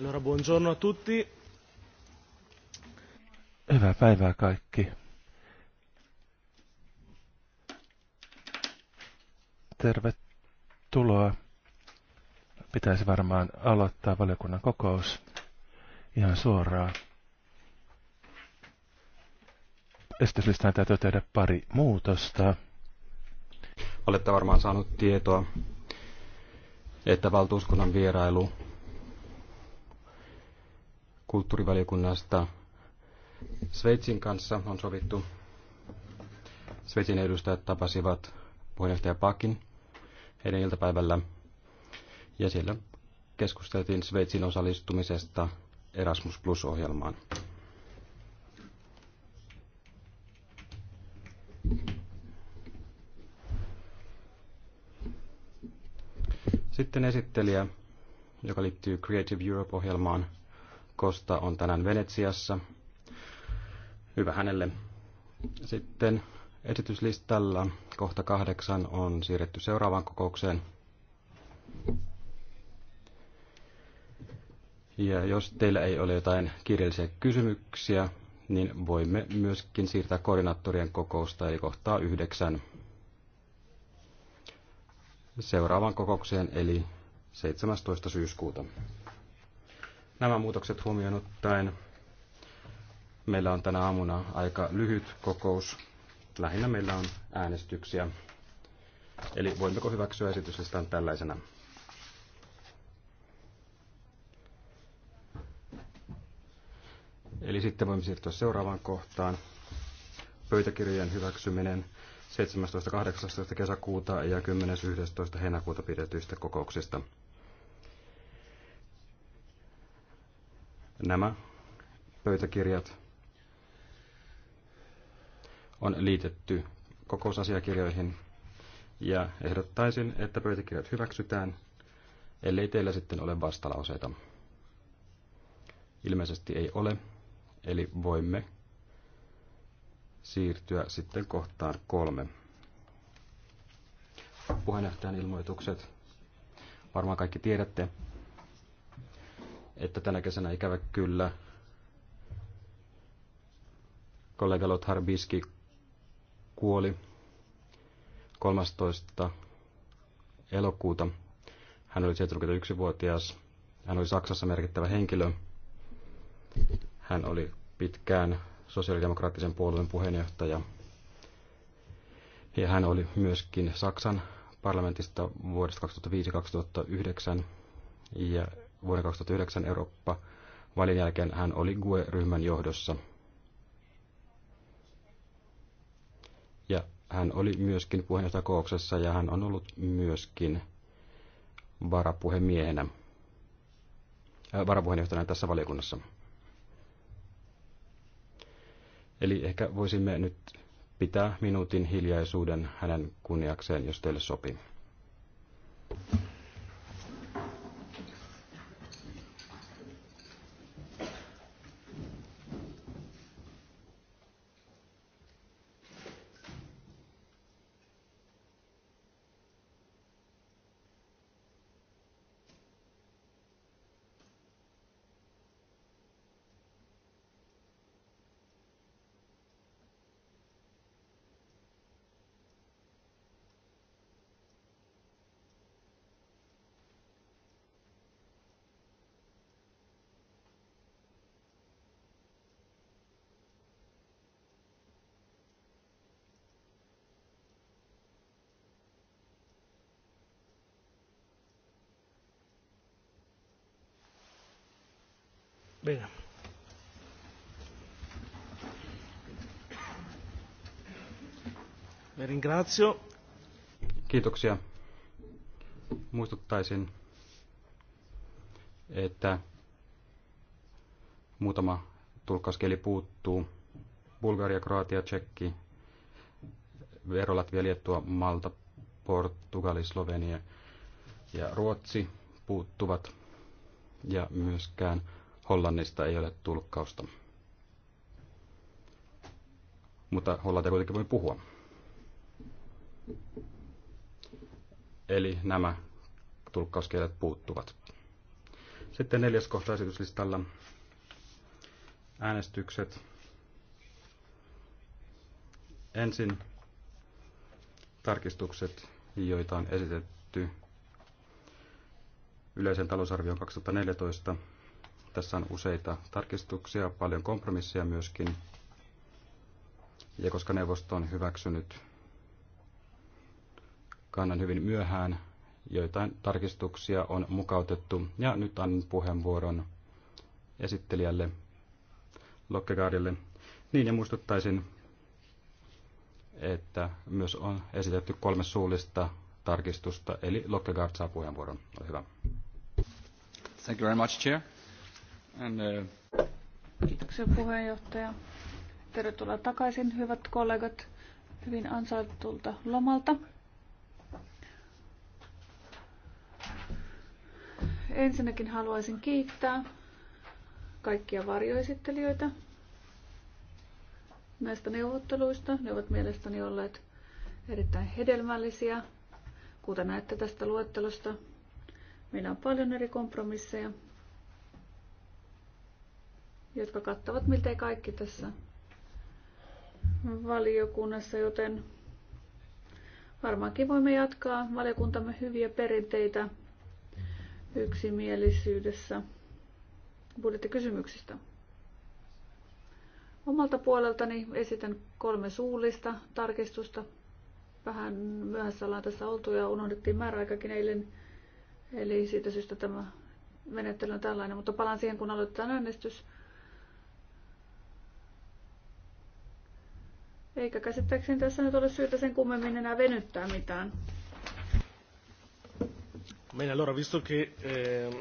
Allora, buongiorno a tutti. Hyvää päivää kaikki. Tervetuloa. Pitäisi varmaan aloittaa valiokunnan kokous ihan suoraan. Esityslistaan täytyy tehdä pari muutosta. Olette varmaan saanut tietoa, että valtuuskunnan vierailu kulttuurivaliokunnasta Sveitsin kanssa on sovittu. Sveitsin edustajat tapasivat puheenjohtaja Pakin heidän iltapäivällä ja siellä keskusteltiin Sveitsin osallistumisesta Erasmus Plus-ohjelmaan. Sitten esittelijä, joka liittyy Creative Europe-ohjelmaan – Costa on tänään Venetsiassa. Hyvä hänelle. Sitten esityslistalla kohta kahdeksan on siirretty seuraavaan kokoukseen. Ja jos teillä ei ole jotain kirjallisia kysymyksiä, niin voimme myöskin siirtää koordinaattorien kokousta, eli kohtaa yhdeksän seuraavaan kokoukseen, eli 17. syyskuuta. Nämä muutokset huomioon ottaen meillä on tänä aamuna aika lyhyt kokous. Lähinnä meillä on äänestyksiä. Eli voimmeko hyväksyä esitystä tällaisena? Eli sitten voimme siirtyä seuraavaan kohtaan. Pöytäkirjojen hyväksyminen 17.18. kesäkuuta ja 10.11. heinäkuuta pidetyistä kokouksista. Nämä pöytäkirjat on liitetty kokousasiakirjoihin ja ehdottaisin, että pöytäkirjat hyväksytään, ellei teillä sitten ole vastalauseita. Ilmeisesti ei ole, eli voimme siirtyä sitten kohtaan kolme. Puheenjohtajan ilmoitukset. Varmaan kaikki tiedätte, että tänä kesänä ikävä kyllä kollega Lothar Biski kuoli 13. elokuuta. Hän oli 71-vuotias. Hän oli Saksassa merkittävä henkilö. Hän oli pitkään sosiaalidemokraattisen puolueen puheenjohtaja. Ja hän oli myöskin Saksan parlamentista vuodesta 2005-2009. Ja vuoden 2009 Eurooppa. Valin jälkeen hän oli GUE-ryhmän johdossa. Ja hän oli myöskin puheenjohtajakouksessa ja hän on ollut myöskin varapuhemiehenä, ää, äh, varapuheenjohtajana tässä valiokunnassa. Eli ehkä voisimme nyt pitää minuutin hiljaisuuden hänen kunniakseen, jos teille sopii. Bine. Ringrazio. Kiitoksia. Muistuttaisin, että muutama tulkkauskieli puuttuu. Bulgaria, Kroatia, Tsekki, Verolatvia, Liettua, Malta, Portugali, Slovenia ja Ruotsi puuttuvat. Ja myöskään Hollannista ei ole tulkkausta. Mutta hollantia kuitenkin voi puhua. Eli nämä tulkkauskielet puuttuvat. Sitten neljäs kohta esityslistalla äänestykset. Ensin tarkistukset, joita on esitetty yleisen talousarvion 2014 tässä on useita tarkistuksia, paljon kompromisseja myöskin. Ja koska neuvosto on hyväksynyt kannan hyvin myöhään, joitain tarkistuksia on mukautettu. Ja nyt annan puheenvuoron esittelijälle Lokkegaardille. Niin ja muistuttaisin, että myös on esitetty kolme suullista tarkistusta, eli Lokkegaard saa puheenvuoron. Ole hyvä. Thank you very much, Chair. And, uh... Kiitoksia puheenjohtaja. Tervetuloa takaisin, hyvät kollegat, hyvin ansaitulta lomalta. Ensinnäkin haluaisin kiittää kaikkia varjoesittelijöitä näistä neuvotteluista. Ne ovat mielestäni olleet erittäin hedelmällisiä. Kuten näette tästä luettelosta, meillä on paljon eri kompromisseja jotka kattavat miltei kaikki tässä valiokunnassa, joten varmaankin voimme jatkaa valiokuntamme hyviä perinteitä yksimielisyydessä budjettikysymyksistä. Omalta puoleltani esitän kolme suullista tarkistusta. Vähän myöhässä ollaan tässä oltu ja unohdettiin määräaikakin eilen, eli siitä syystä tämä menettely on tällainen, mutta palaan siihen, kun aloitetaan äänestys. Eikä käsittääkseni tässä nyt ole syytä sen kummemmin enää venyttää mitään. Meillä allora, visto che... Eh,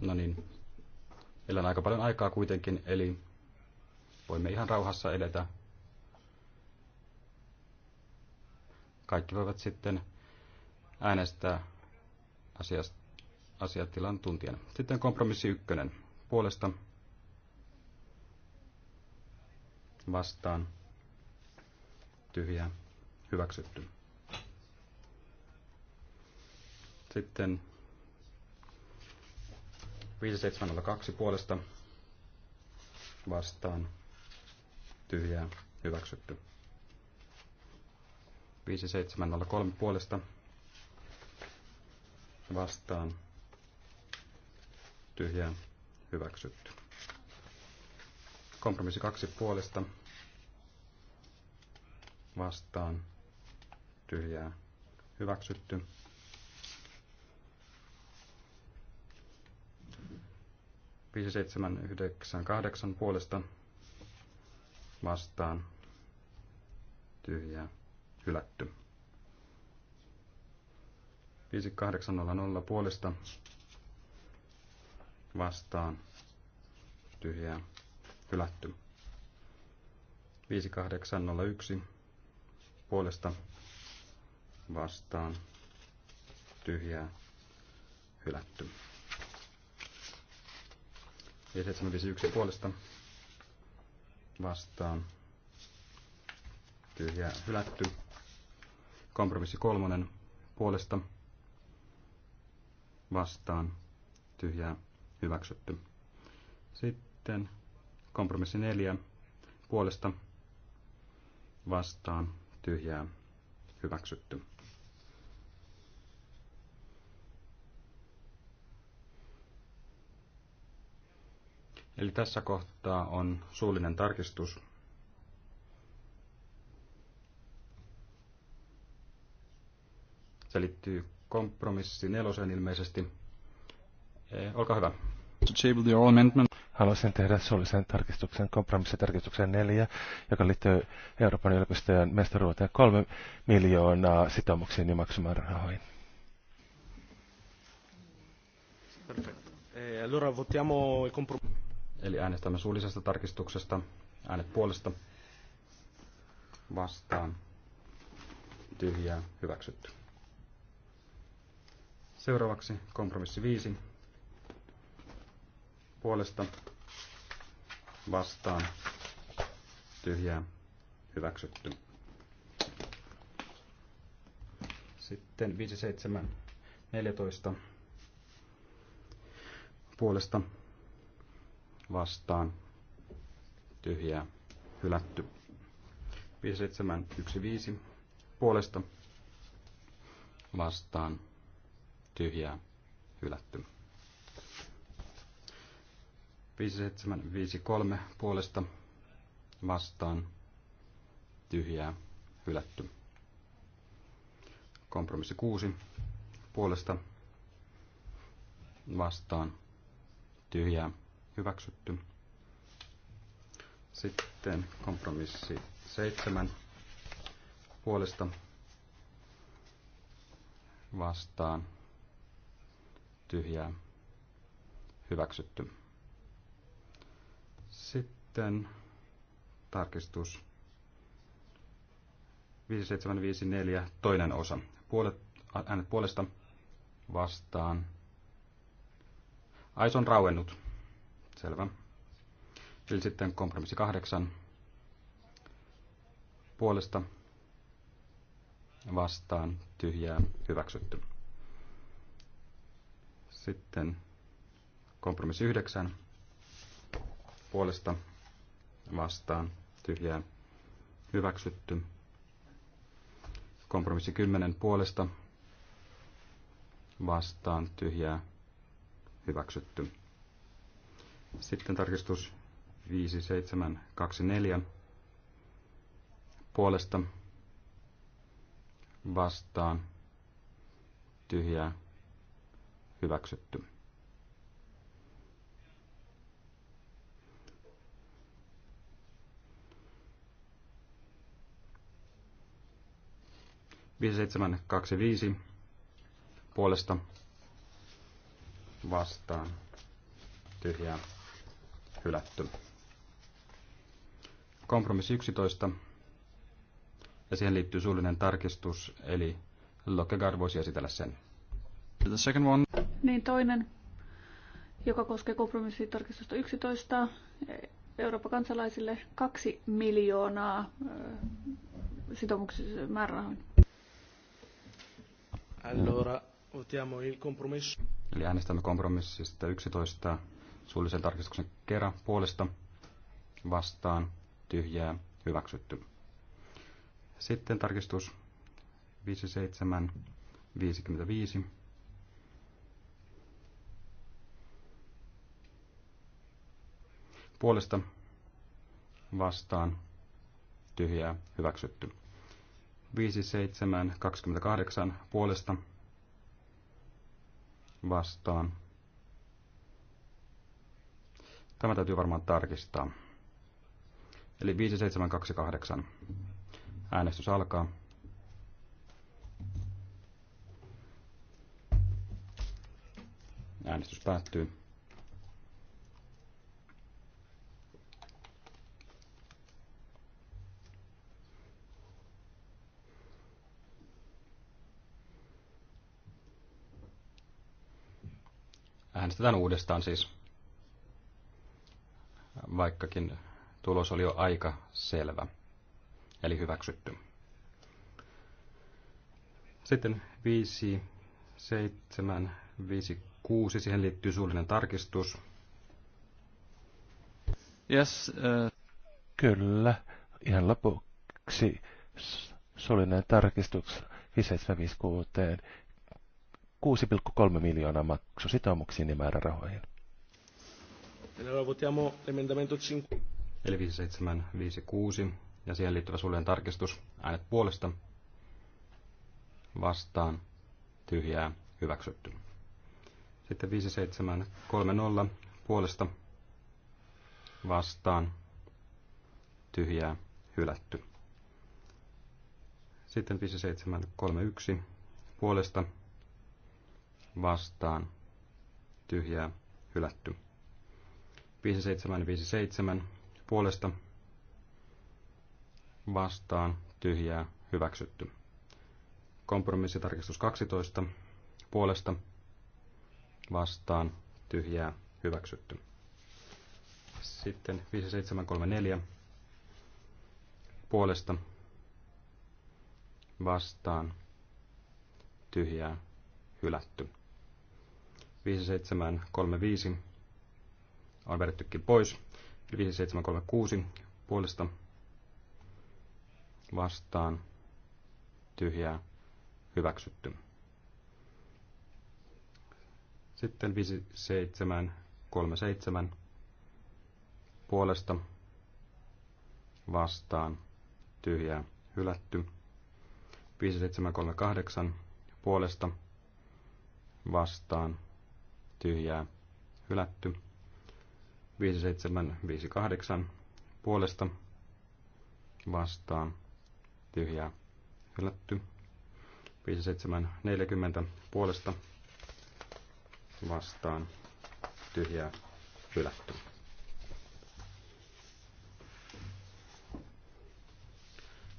no niin. Meillä on aika paljon aikaa kuitenkin, eli voimme ihan rauhassa edetä. Kaikki voivat sitten äänestää asiasta, asiatilan tuntien. Sitten kompromissi ykkönen puolesta vastaan tyhjää hyväksytty. Sitten 5702 puolesta vastaan tyhjää hyväksytty. 5703 puolesta vastaan tyhjää hyväksytty. Kompromissi kaksi puolesta vastaan tyhjää hyväksytty. Viisi seitsemän yhdeksän kahdeksan puolesta vastaan tyhjää hylätty. nolla puolesta vastaan tyhjää hylätty. yksi puolesta vastaan tyhjää hylätty. Ja 751 puolesta vastaan tyhjää hylätty. Kompromissi kolmonen puolesta vastaan tyhjää hyväksytty. Sitten kompromissi neljä puolesta vastaan tyhjää hyväksytty. Eli tässä kohtaa on suullinen tarkistus. Se liittyy kompromissi nelosen ilmeisesti. Eh, olkaa hyvä. To table the amendment. Haluaisin tehdä suullisen tarkistuksen, kompromissitarkistuksen neljä, joka liittyy Euroopan yliopistojen mestaruuteen kolme miljoonaa sitoumuksiin ja rahoihin. Eh, Eli äänestämme suullisesta tarkistuksesta. Äänet puolesta. Vastaan. Tyhjää. Hyväksytty. Seuraavaksi kompromissi 5 puolesta vastaan tyhjää hyväksytty. Sitten 57 14 puolesta vastaan tyhjää hylätty. 5715 puolesta vastaan tyhjää hylätty. 5753 puolesta vastaan tyhjää hylätty. Kompromissi 6 puolesta vastaan tyhjää hyväksytty. Sitten kompromissi 7 puolesta vastaan tyhjää hyväksytty. Sitten tarkistus 5754, toinen osa. Puolet, äänet puolesta vastaan. Ais on rauennut. Selvä. Eli sitten kompromissi kahdeksan. Puolesta vastaan tyhjää hyväksytty. Sitten kompromissi yhdeksän puolesta vastaan tyhjää hyväksytty. Kompromissi 10 puolesta vastaan tyhjää hyväksytty. Sitten tarkistus 5724 puolesta vastaan tyhjää hyväksytty. 5725 puolesta vastaan tyhjää hylätty. Kompromissi 11 ja siihen liittyy suullinen tarkistus, eli Lokkegaard voisi esitellä sen. The second one. Niin toinen, joka koskee kompromissitarkistusta 11, Euroopan kansalaisille 2 miljoonaa sitoumuksissa määrärahoja. Allora, votiamo il compromesso. Eli äänestämme kompromissista 11 suullisen tarkistuksen kerran puolesta vastaan tyhjää hyväksytty. Sitten tarkistus 5755. Puolesta vastaan tyhjää hyväksytty. 5728 puolesta vastaan. Tämä täytyy varmaan tarkistaa. Eli 5728. Äänestys alkaa. Äänestys päättyy. Äänestetään uudestaan siis, vaikkakin tulos oli jo aika selvä, eli hyväksytty. Sitten 5, 7, 5, 6, siihen liittyy suullinen tarkistus. Yes, uh... Kyllä, ihan lopuksi suullinen tarkistus 5756 6,3 miljoonaa sitoumuksiin ja määrärahoihin. Eli 5756 ja siihen liittyvä suljen tarkistus. Äänet puolesta vastaan tyhjää hyväksytty. Sitten 5730 puolesta vastaan tyhjää hylätty. Sitten 5731 puolesta vastaan tyhjää hylätty. 5757 puolesta vastaan tyhjää hyväksytty. Kompromissitarkistus 12 puolesta vastaan tyhjää hyväksytty. Sitten 5734 puolesta vastaan tyhjää hylätty. 5735 on vedettykin pois. 5736 puolesta vastaan tyhjää hyväksytty. Sitten 5737 puolesta vastaan tyhjää hylätty. 5738 puolesta vastaan tyhjää hylätty. 5758 puolesta vastaan tyhjää hylätty. 5740 puolesta vastaan tyhjää hylätty.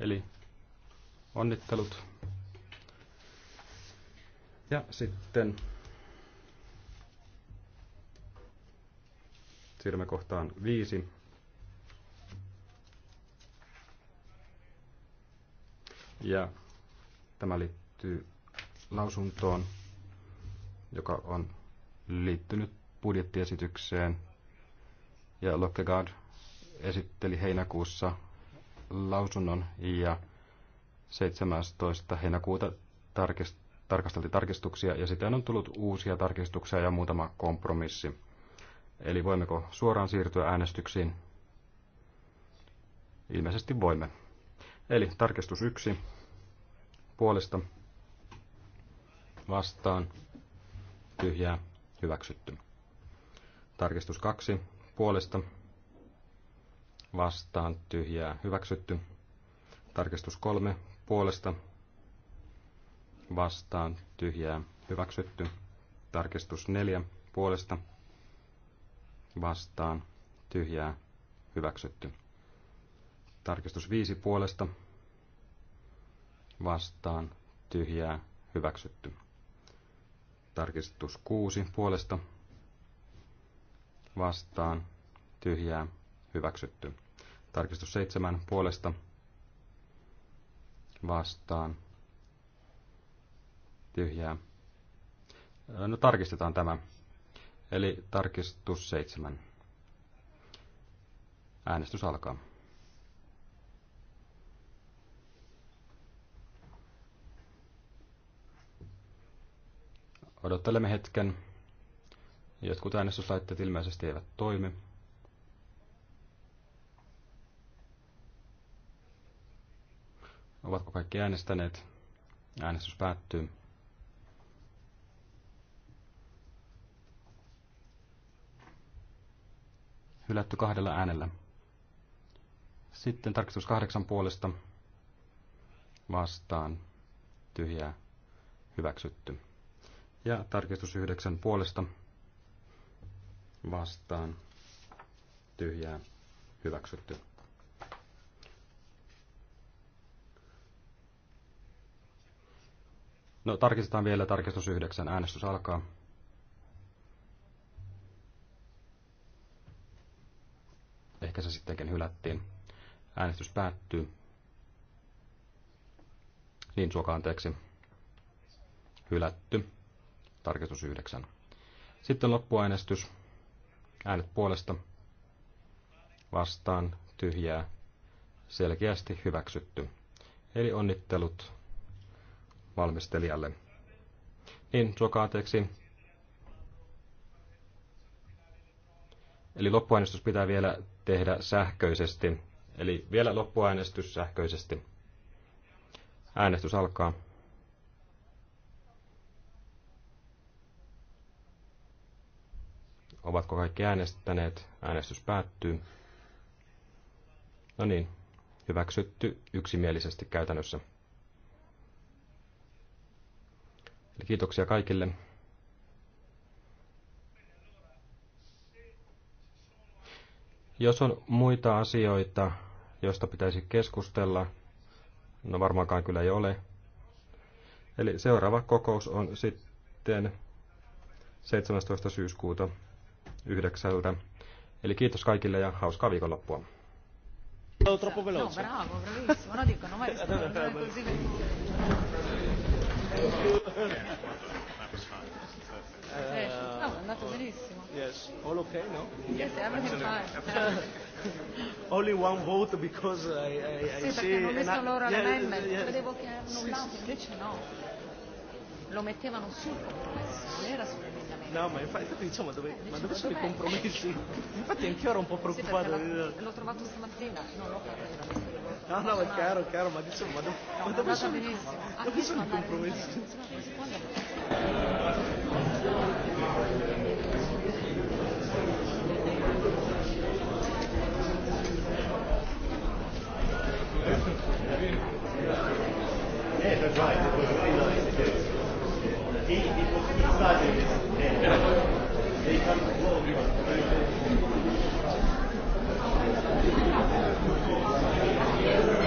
Eli onnittelut. Ja sitten Siirrymme kohtaan viisi. Ja tämä liittyy lausuntoon, joka on liittynyt budjettiesitykseen. Ja Lockegaard esitteli heinäkuussa lausunnon ja 17. heinäkuuta tarkist- tarkasteltiin tarkistuksia ja sitten on tullut uusia tarkistuksia ja muutama kompromissi. Eli voimmeko suoraan siirtyä äänestyksiin? Ilmeisesti voimme. Eli tarkistus yksi puolesta vastaan tyhjää hyväksytty. Tarkistus kaksi puolesta vastaan tyhjää hyväksytty. Tarkistus kolme puolesta vastaan tyhjää hyväksytty. Tarkistus neljä puolesta vastaan, vastaan tyhjää hyväksytty. Tarkistus 5 puolesta vastaan tyhjää hyväksytty. Tarkistus 6 puolesta vastaan tyhjää hyväksytty. Tarkistus 7 puolesta vastaan tyhjää. No tarkistetaan tämä. Eli tarkistus seitsemän. Äänestys alkaa. Odottelemme hetken. Jotkut äänestyslaitteet ilmeisesti eivät toimi. Ovatko kaikki äänestäneet? Äänestys päättyy. hylätty kahdella äänellä. Sitten tarkistus kahdeksan puolesta vastaan tyhjää hyväksytty. Ja tarkistus yhdeksän puolesta vastaan tyhjää hyväksytty. No tarkistetaan vielä tarkistus 9. Äänestys alkaa. ehkä se sittenkin hylättiin. Äänestys päättyy. Niin suoka anteeksi. Hylätty. Tarkistus 9. Sitten loppuäänestys. Äänet puolesta. Vastaan. Tyhjää. Selkeästi hyväksytty. Eli onnittelut valmistelijalle. Niin, suoka anteeksi. Eli loppuäänestys pitää vielä tehdä sähköisesti. Eli vielä loppuäänestys sähköisesti. Äänestys alkaa. Ovatko kaikki äänestäneet? Äänestys päättyy. No niin, hyväksytty yksimielisesti käytännössä. Eli kiitoksia kaikille. Jos on muita asioita, joista pitäisi keskustella, no varmaankaan kyllä ei ole. Eli seuraava kokous on sitten 17. syyskuuta yhdeksältä. Eli kiitos kaikille ja hauskaa viikonloppua. No, bravo, bravissimo. Eh, no, dico, non così. è andato benissimo. Yes. All okay, no? Yes, everything fine. Only one vote because I, I, I sì, see... Sì, perché non visto loro yes, yes. yeah. vedevo che annullato, invece no. Lo mettevano sul compromesso, non era sul No, ma infatti, infatti diciamo dove, ma dove sono i compromessi? Infatti anch'io ero un po' preoccupato. Sì, l'ho, l'ho trovato stamattina, non l'ho fatto. No, no, no, no è chiaro, chiaro, ma diciamo, ma, do, no, ma dove sono, dove sono i ah, compromessi? Yeah, that's right. Thank you.